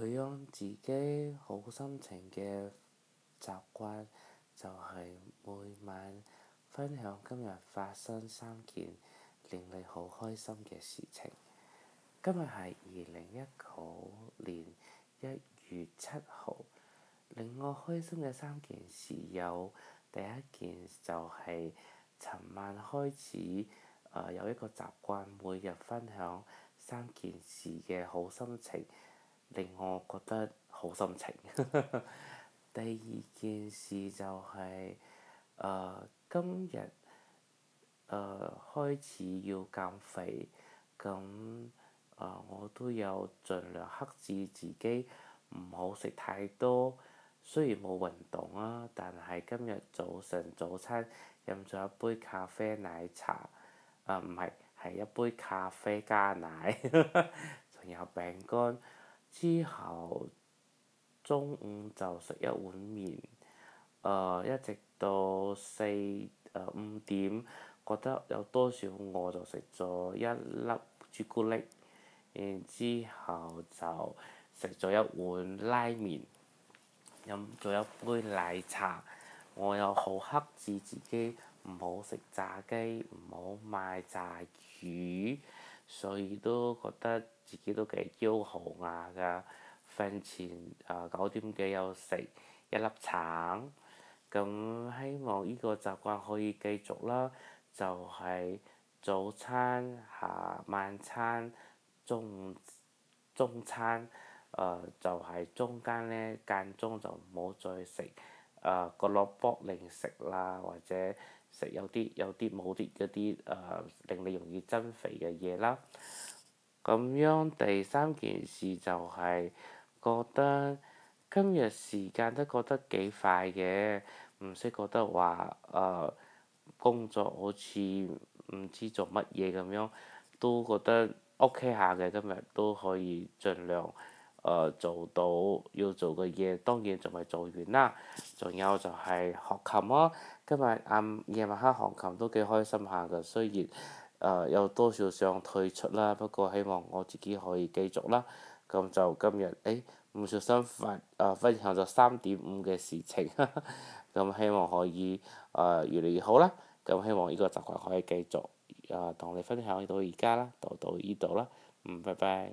佢 o 自己好心情嘅習慣，就係、是、每晚分享今日發生三件令你好開心嘅事情。今日係二零一九年一月七號，令我開心嘅三件事有，第一件就係、是、尋晚開始、呃、有一個習慣，每日分享三件事嘅好心情。令我覺得好心情。 第二件事就係、係呃、今日誒、呃、開始要減肥，咁、呃、我都有盡量克制自己唔好食太多。雖然冇運動啊，但係今日早晨早餐飲咗一杯咖啡奶茶，唔係，係一杯咖啡加奶，仲 有餅乾。之後中午就食一碗麵，誒、呃、一直到四誒、呃、五點，覺得有多少餓，就食咗一粒朱古力，然之後就食咗一碗拉麵，飲咗一杯奶茶，我又好克制自己唔好食炸雞，唔好買炸魚。所以都覺得自己都幾驕豪雅㗎，瞓前啊九、呃、點幾又食一粒橙，咁、嗯、希望呢個習慣可以繼續啦。就係、是、早餐、下晚餐、中午中餐，誒、呃、就係、是、中間咧間中就唔好再食誒個蘿蔔零食啦，或者。食有啲有啲冇啲嗰啲誒令你容易增肥嘅嘢啦，咁樣第三件事就係覺得今日時間都過得幾快嘅，唔識覺得話誒、呃、工作好似唔知做乜嘢咁樣，都覺得屋、OK、企下嘅今日都可以盡量。呃、做到要做嘅嘢，當然仲未做完啦。仲有就係學琴咯。今日暗夜晚黑學琴都幾開心下㗎，雖然、呃、有多少想退出啦，不過希望我自己可以繼續啦。咁、嗯、就今日誒唔小心分、呃、分享咗三點五嘅事情。咁、 嗯、希望可以、呃、越嚟越好啦。咁、嗯、希望呢個習慣可以繼續同、呃、你分享到而家啦，到到呢度啦。嗯，拜拜。